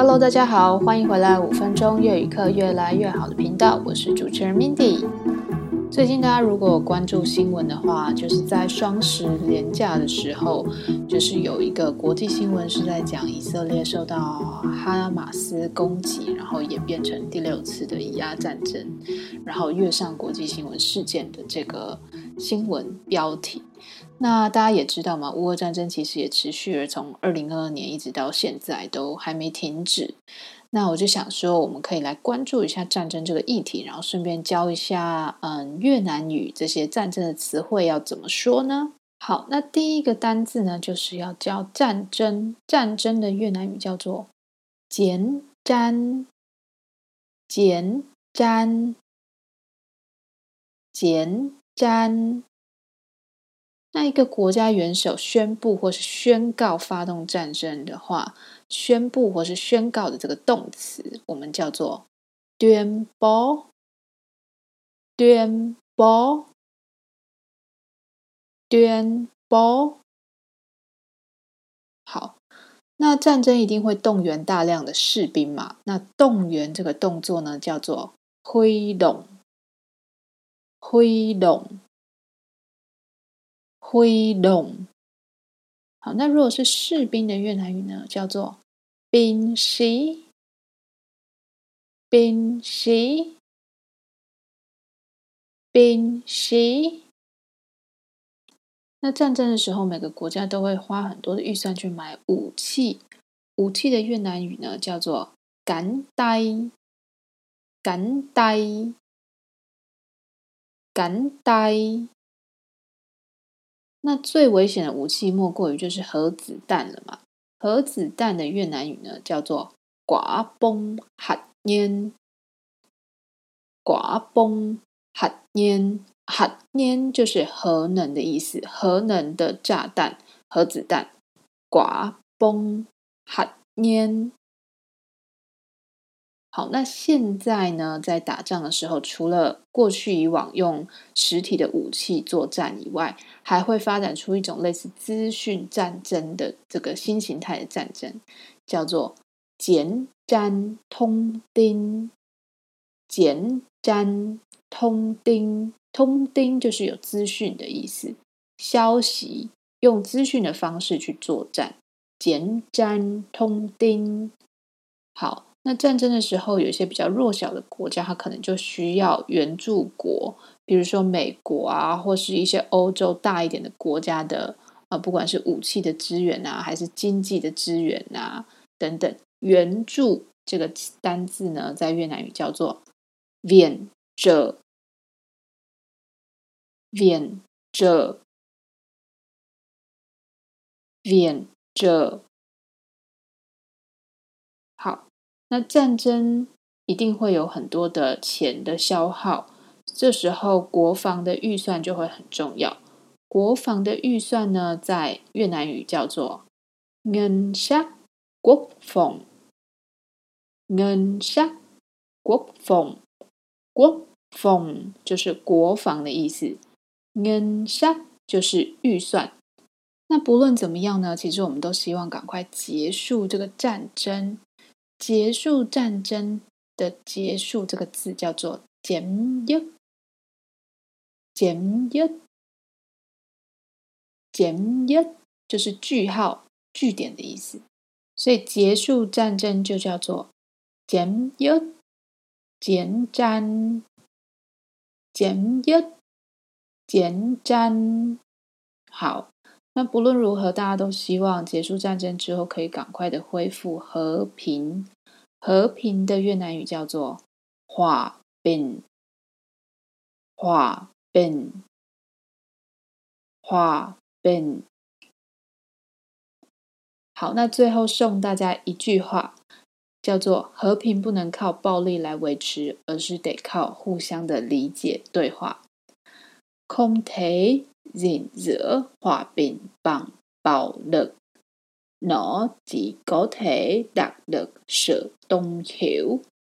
Hello，大家好，歡迎回來五分鐘越語課越來越好的頻道，我是主持人 Mindy。最近，大家如果關注新聞的話，就是在雙十連假的時候，就是有一個國際新聞是在講以色列受到哈馬斯攻擊，然後演變成第六次的以阿戰爭，然後躍上國際新聞事件的這個新聞標題。那大家也知道嘛，烏俄戰爭其實也持續了，從二零二二年一直到現在都還沒停止。那我就想說，我們可以來關注一下戰爭這個議題，然後順便教一下嗯越南語這些戰爭的詞彙要怎麼說呢？好，那第一個單字呢，就是要教戰爭，戰爭的越南語叫做 “chiến tranh”，chiến tranh，chiến tranh。那一個國家元首宣布或是宣告發動戰爭的話，宣布或是宣告的這個動詞，我們叫做 “tuyên bố”。tuyên bố。tuyên bố。好，那戰爭一定會動員大量的士兵嘛。那動員這個動作呢，叫做 “huy động”。huy động。揮動。好，那如果是士兵的越南語呢？叫做兵西，兵西，兵西。那戰爭的時候，每個國家都會花很多的預算去買武器。武器的越南語呢，叫做桿帶，桿帶，桿帶。那最危險的武器莫過於就是核子彈了嘛。核子彈的越南語呢，叫做“刮崩核煙”，“刮崩核煙”，“核煙”就是核能的意思，核能的炸彈，核子彈，“刮崩核煙”。好，那現在呢，在打仗的時候，除了過去以往用實體的武器作戰以外，還會發展出一種類似資訊戰爭的這個新形態的戰爭，叫做簡占通丁，簡占通丁，通丁就是有資訊的意思，消息，用資訊的方式去作戰，簡占通丁。好。那戰爭的時候，有一些比較弱小的國家，它可能就需要援助國，比如說美國啊，或是一些歐洲大一點的國家的啊、呃，不管是武器的資源啊，還是經濟的資源啊等等，援助這個單字呢，在越南語叫做 viện trợ，viện trợ，viện trợ。那戰爭一定會有很多的錢的消耗，這時候國防的預算就會很重要。國防的預算呢，在越南語叫做 ngân sách quốc phòng，ngân sách quốc phòng，國防就是國防的意思 ngân sách 就是預算。那不論怎麼樣呢，其實我們都希望趕快結束這個戰爭。結束戰爭的結束這個字叫做 “chấm dứt”，chấm dứt，chấm dứt 就是句號、句點的意思。所以結束戰爭就叫做 “chấm dứt”，chiến tranh，chấm dứt，chiến tranh，好。那不論如何，大家都希望結束戰爭之後可以趕快的恢復和平。和平的越南語叫做 “hòa bình”。hòa bình，hòa bình。好，那最後送大家一句話，叫做“和平不能靠暴力來維持，而是得靠互相的理解對話”。Không thể 僅借和平、棒、暴力，它高可打得到相互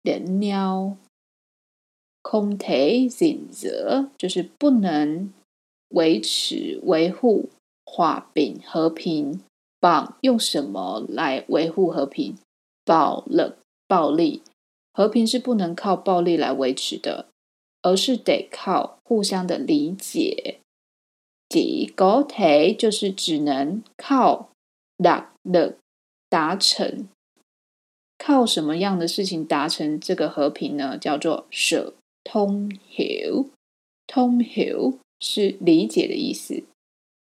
尊重，空體僅借就是不能維持維護化兵和平。和平棒，用什麼來維護和平？暴力，暴力。和平是不能靠暴力來維持的，而是得靠互相的理解。己個泰就是只能靠達的達成，靠什麼樣的事情達成這個和平呢？叫做舍通 hiểu 通 hiểu 是理解的意思，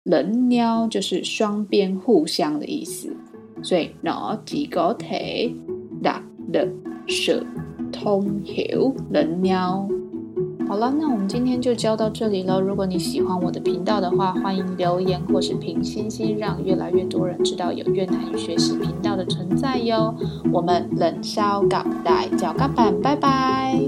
人鳥就是雙邊互相的意思，所以哪己個泰達的舍通 hiểu 人鳥。好了，那我們今天就教到這裡了。如果你喜歡我的頻道的話，歡迎留言或是評星星，讓越來越多人知道有越南語學習頻道的存在喲。我們冷燒港袋腳踏板，拜拜。